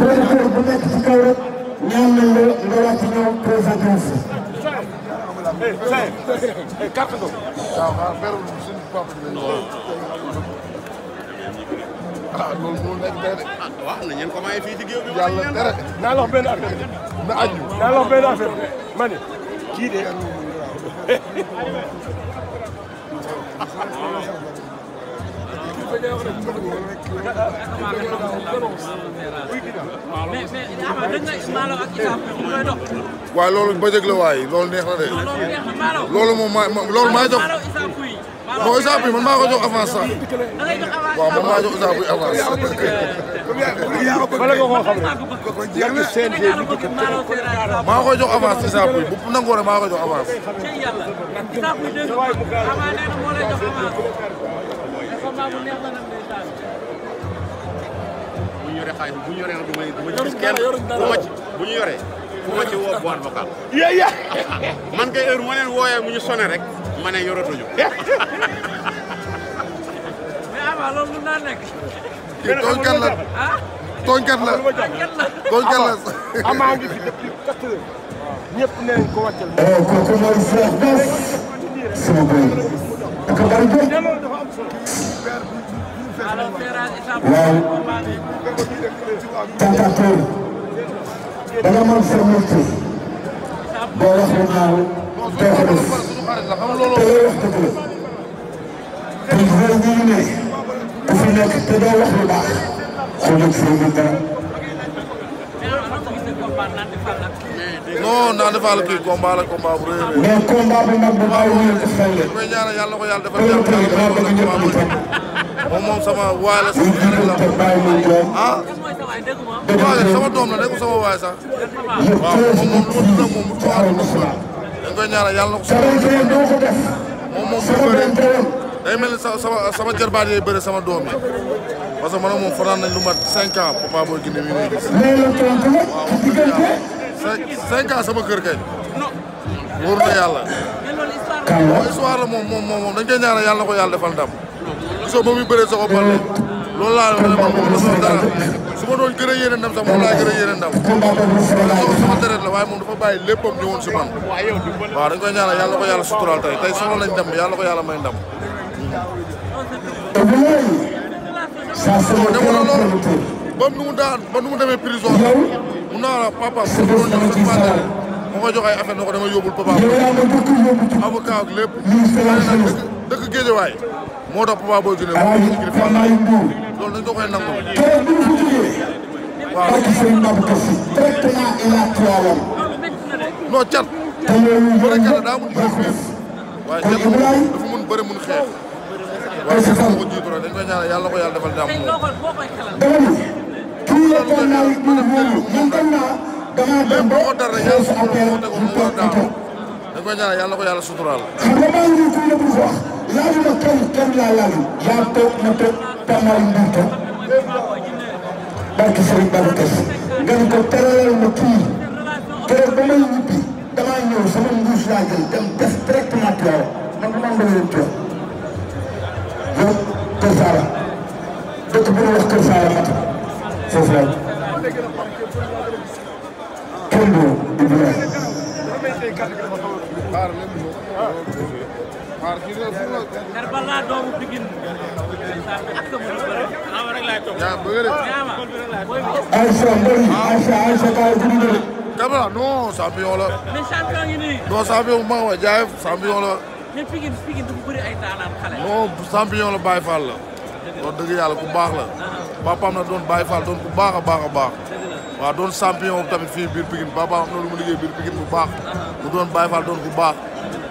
producteur bu nekk ci kaw rek ñaan nañ la nga wàcc ñoom présenté wu si. ah loolu moo nekk tey de. ah waaw na ngeen commencé fii ci géew bi. yàlla dara de naa la wax benn affaire na aju. naa la wax benn affaire ma ne kii de. waaye loolu ba njëkk la waaye loolu neex na de. loolu moom maa loolu maa jox. non Issa Pouye man maa ko jox avance sax. waaw man maa jox Issa Pouye avance. bala nga koo xam rek. maa ko jox avance Issa avance. bu ñu yoree xaalis bu ñu yoree nag du ma du ma gis bu ñu yore bu ma ci woo boîte vocale. yéen man kay heure ma leen wooyee mu ñu sonné rek ma ne yoratuñu. mais Ama loolu mën naa nekk. Ah? Ah, la tooñkat la la. Ama ngi fi depuis quatre heures. waaw tàntaatoor danga mën sa métier boo wax lu naaw doo ko def te ku fi te doo wax baax xoolal seen dara non Nande Fall kii combat la combat bu rëy a rëy. bu mag ko xel la. koy ñaanal yàlla ko yàlla defal jàmm yàlla ko yàlla la ah? sama doom la dégg sama waay sax. waaw moom moom lu ma tudd ak moom bu tuwaat ko koy ñaanal yàlla ko. moom moom day mel ni sama sama jërbaat yooyu sama doom yi parce que man moom fanaan nañ lu mat cinq ans Papa Boy Djiné wi ngay gis. waaw cinq sama kër kay. wóor na yàlla. waaw histoire la moom moom moom dañ koy ñaanal yàlla na ko yàlla defal ndam. soo moom mi bëree soo ko balle loolu laa wax ne moom dafa dara su ma doon gën a yéene ndam sax moom laa gën a yéene ndam sama deret la waaye moom dafa bàyyi léppam ñëwoon si man waaw dañ koy ñaanal yàlla ko yàlla suturaal tey tey soxla nañ ndam ko yàlla may ndam te ba léegi. ça se ma demoon na loolu ba nu mu daan ba nu mu demee prison. yow mun naa la papa mu doon ko yóbbul papa. yow yaa ma dëkk yóbbu ci. avocat ak lépp. lii séeréer dëkk dëkk Géejawaay. moo tax papa boo jëlee. waaw ñu gànnaay Mbour. loolu dañ ko nangu. keroog bi ñu ko jógee. waaw parce que Serigne Babou Kassi. directement il a tuwaawam. non cat. te yooyu yëpp bëri kat daa mun bëri xeex. waaye cat mun bëri ay sa xol. yàlla ko yàlla defal jàmm. dama ni kii la toog naa yi mu naa damaa dem ba xew sama a toog. dañ koy ñaanal ko yàlla suturaal. xam nga maa ngi nii kuy lépp lu wax laaju ma kenn kenn laa laaju. yaa toog ma toog Pamary Mbir toog. barke nga ni ko teralal ma kii keroog ba may ñibbi damaa ñëw sama mbuus laa jël dem def directement Tiwaawan man maa ngi doon Kër Saala dëkk bu ñuy wax Kër Saala Fatick foofu la kenn du du bilaay Karbala doomu Pikine Aïcha mbëri Aïcha Aïcha kaay bu ñu Karbala non champion la non champion ma wa jaay champion la mais Pikine Pikine dafa bëri ay daanaan xale. non champion la Baye Fall la. wax dëgg yàlla ku baax la. Ah. papaam na doon Baye Fall doon ku baax a baax a baax. waaw doon champion tamit fii biir Pikine papaam am na lu mu liggéey biir Pikine bu baax. Ah. mu doon Baye Fall doon ku baax.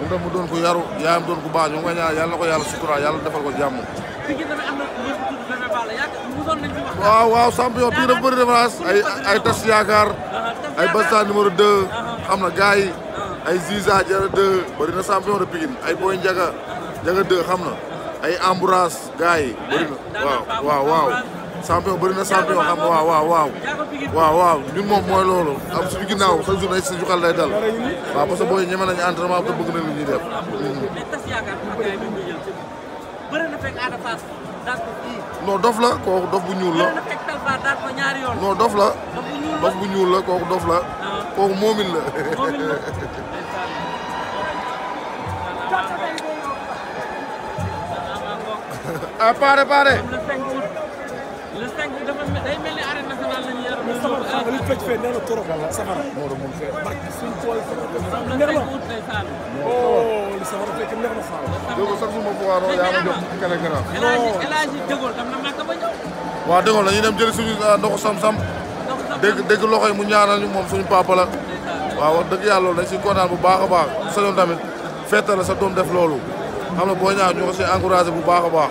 mu doon mu doon ku yaru yaayam doon ku baax ñu ngi koy ñaan yàlla na ko yàlla sutura yàlla defal ko jàmm. Pikine tamit am na ñëpp tudd Bébé Balla yàgg musoon nañ fi wax. waaw waaw champion Pikine dafa bëri ay ay tas yaakaar ah, ay Basta numéro 2 xam na yi ay Ziza Jara 2 bëri na champion de ay Boy Ndiaga Ndiaga 2 xam na ay Ambroise gars yi bëri na waaw waaw waaw champion bëri na xam na waaw waaw waaw waaw waaw ñun moom mooy loolu am suñu ginnaaw chaque jour ay sa juxal lay dal waaw parce booy ñeme nañu entraînement te bëgg na lu ñuy def dof la kooku dof bu ñuul la non dof la dof bu ñuul la kooku dof la kooku moomin la ah pare pare. le 5 août le 5 août dafa day suñu tool yi. le sam dégg dégg loxo yi mu ñaanal ñu moom suñu papa la. waaw wax dëgg yàlla loolu dañ si kontaan bu baax a baax. sa yoon tamit fête sa doom def loolu. xam nga boo ñaaw ñu ko si encouragé bu baax a baax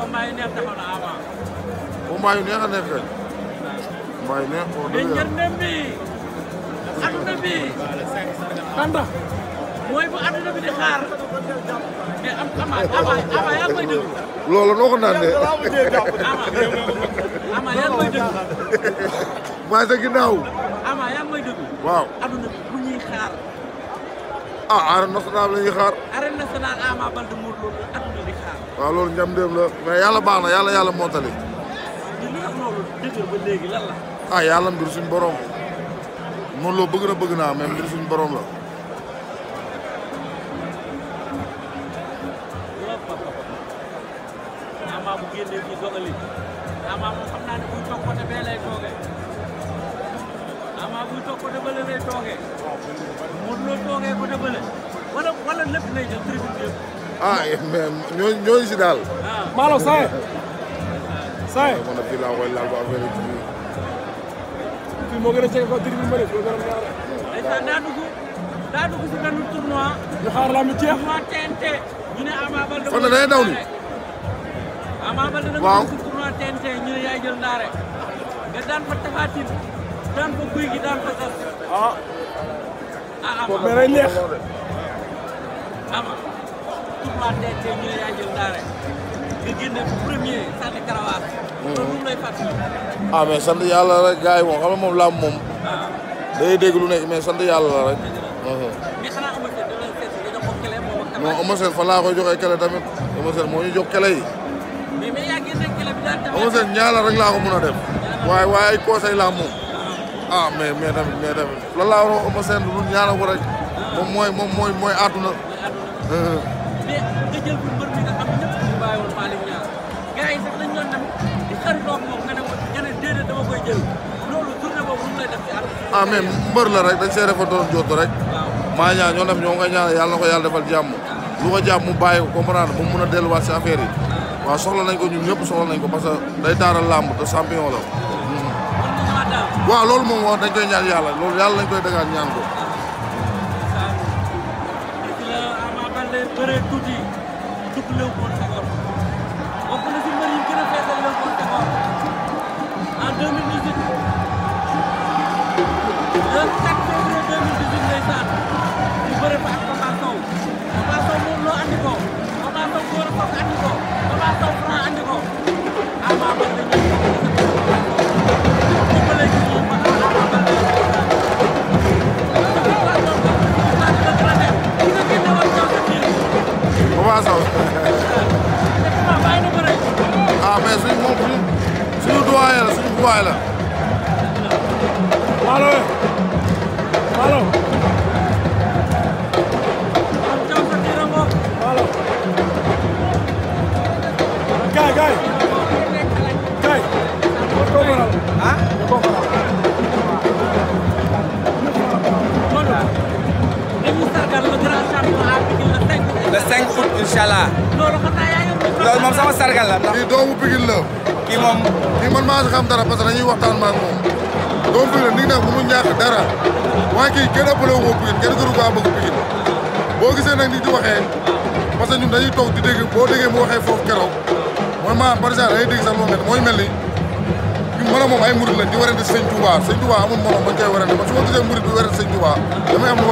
combat yu neex taxaw na avant. combat yu neex a neex kay. combat yu neex wax dëgg yàlla mais njëriñ bi adduna bi. tanda mooy bu adduna bi di xaar mais am ama ama ama yaa koy déglu. loolu noo ko naan de. ama yaa koy déglu. maa sa ginnaaw. ama yaa koy déglu. waaw adduna bi bu ñuy xaar. ah arène nationale la ñuy xaar. arène nationale Ama Baldé Modou Lô waaw loolu njam ndéem la mais yàlla baax na yàlla yàlla mootali. ba léegi lan la. ah loo bëgg na bëgg naa mais mbir suñu la. ah ñoo ñoo si daal. Malo Saaye. Saaye ma ne fii laa koy laal ba affaire yi fii. fii moo gën a jege kaw tribune bi ma def. daa dugg daa dugg si yaay jël ndaare. nga daan fa tafatin daan fa guy daan fa sas. ah. ah Ama mais day Ama. tournoi DT ñu ne yaa jël daare moom lay fàttali. ah mais sant yàlla rek gars yi moom moom làmb moom. day dégg lu nekk mais sant yàlla la rek. Mhm. mais xanaa Eumeu Sène da nga moom. non Eumeu laa koy joxee kele tamit Eumeu Sène jox kele yi. mais mais rek laa ko mën a def. waaye waaye ay conseil laa moom. Ah. ah mais mais tamit mais tamit laa war a wax Eumeu rek. moom mooy mooy mooy àdduna. Mhm. mais nga jël bu mbër mi nga xam ah, la rek dañ see refa doon jootu rek maa ñaan ñoo dem ñoo nga ñaan yàlla ko yàlla defal jàmm lu ko jàmm mu bàyyi ko comprendre ba mu mën a delluwaat si affaire yi waaw soxla nañ ko ñun ñëpp soxla nañ ko parce que day taaral làmb te champion la waaw loolu moom wax dañ koy ñaan yàlla loolu yàlla lañ koy dëggaat ñaan ko bëree tuuti dugg Léopold Senghor bokk na si mbër yi gën a feesal Léopold Senghor en 2018 le 4 février 2018 lay saan ñu bëre fa ak Papa Sow Papa Sow moom loo andi ko Papa Sow góor a soog andi ko Papa Sow franc andi ko vazał. ah mais suñu moom suñu suñu doyen la suñu cai cai cai Malo. Gaay gaay gaay. ah. 5 août incha moom sama sargal la. kii doomu Pikine la. kii moom. kii man maa si xam dara parce que dañuy waxtaan maak moom. doomu Pikine la nit nag bu mu ñàkk dara waaye kii kenn ëppale wu ko Pikine kenn gënu kaa boo gisee nag nit di waxee parce que ñun dañuy toog di dégg boo déggee mu waxee foofu keroog mooy maanaam par exemple dañuy dégg sax moom mooy mel ni man a moom ay murid lañ di warante sëñ Touba sëñ Touba amul morom bañ koy warante man su ma gisee murid bi warante sëñ Touba damay am lu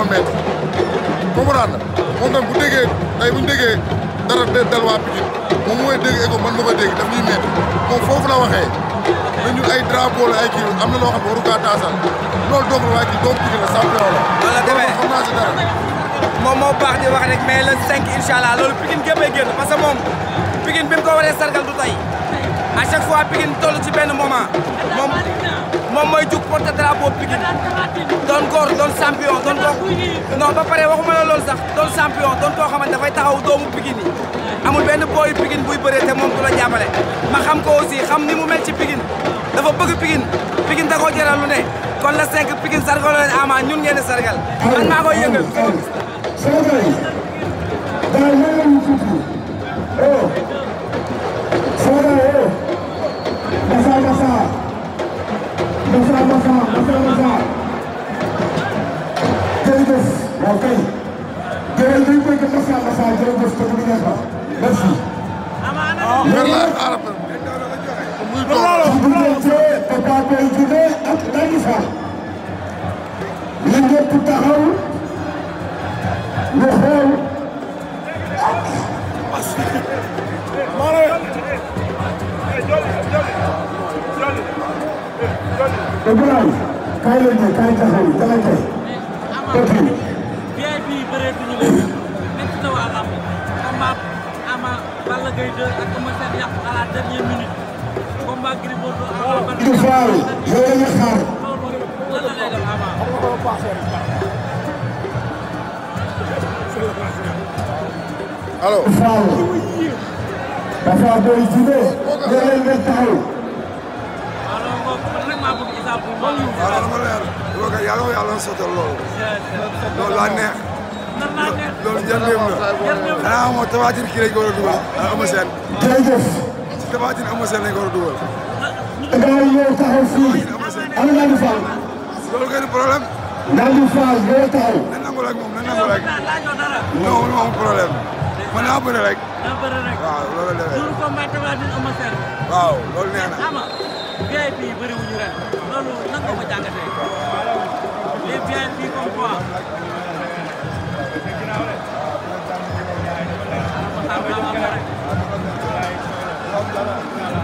comprendre moom tam bu déggee tey bu ñu déggee dara del waa Pikine moom mooy dégg écho man ma koy dégg daf ñuy métti moom foofu la waxee ne ñun ay drapeau la ay kii am na loo xam ne waru kaa taasal loolu doog la waa kii doomu Pikine la champion la. loolu la demee xam naa si dara. moom moo baax di wax rek mais le 5 incha allah loolu Pikine géppee génn parce que moom Pikine bi mu ko waree sargal du tey à chaque fois Pikine toll ci benn moment moom. moom mooy jug porte drapeau Pikine doon góor doon champion doon koo non ba pare waxuma la loolu sax doon champion doon koo xamante dafay taxaw doomu Pikine yi amul benn booy Pikine buy bëree te moom du la ma xam ko aussi xam ni mu mel ci Pikine dafa bëgg Pikine Pikine da koo jaral lu ne kon la cinq Pikine sargal leen ama ñun ngeen sargal man maa koy yëngal sargal daa yëngal tuuti Basra Basra Basra Basra jërëjëf ok jërëjëf Ibrahima kaay la ñu kaay taxaw yi dala tey kooku yi. VIP yi bëreetuñu leen nekk na waa làmb combat Ama Balla Gaye 2 ak Eumeu Sène yàqu à la dernière minute combat Gris Bordeaux Ama Baldé. du faaw yow la ñu xaar. lan la lay def Ama. allo. du faaw dafa doy jugee. nga leen nga taxaw. waaw dama la yàlla yàlla ma yàlla sotal loolu. loolu laa neex. loolu njëriñam moom tabaatin kii lañ a dugal ak Eumeu Sène. jërëjëf. si tabaatin Eumeu Sène lañ a dugal. loolu ngeen naa bëri rek. naa loolu la waaw VIP yi bëri wuñu ren loolu nan ko jàngatee les VIP comme quoi. am na am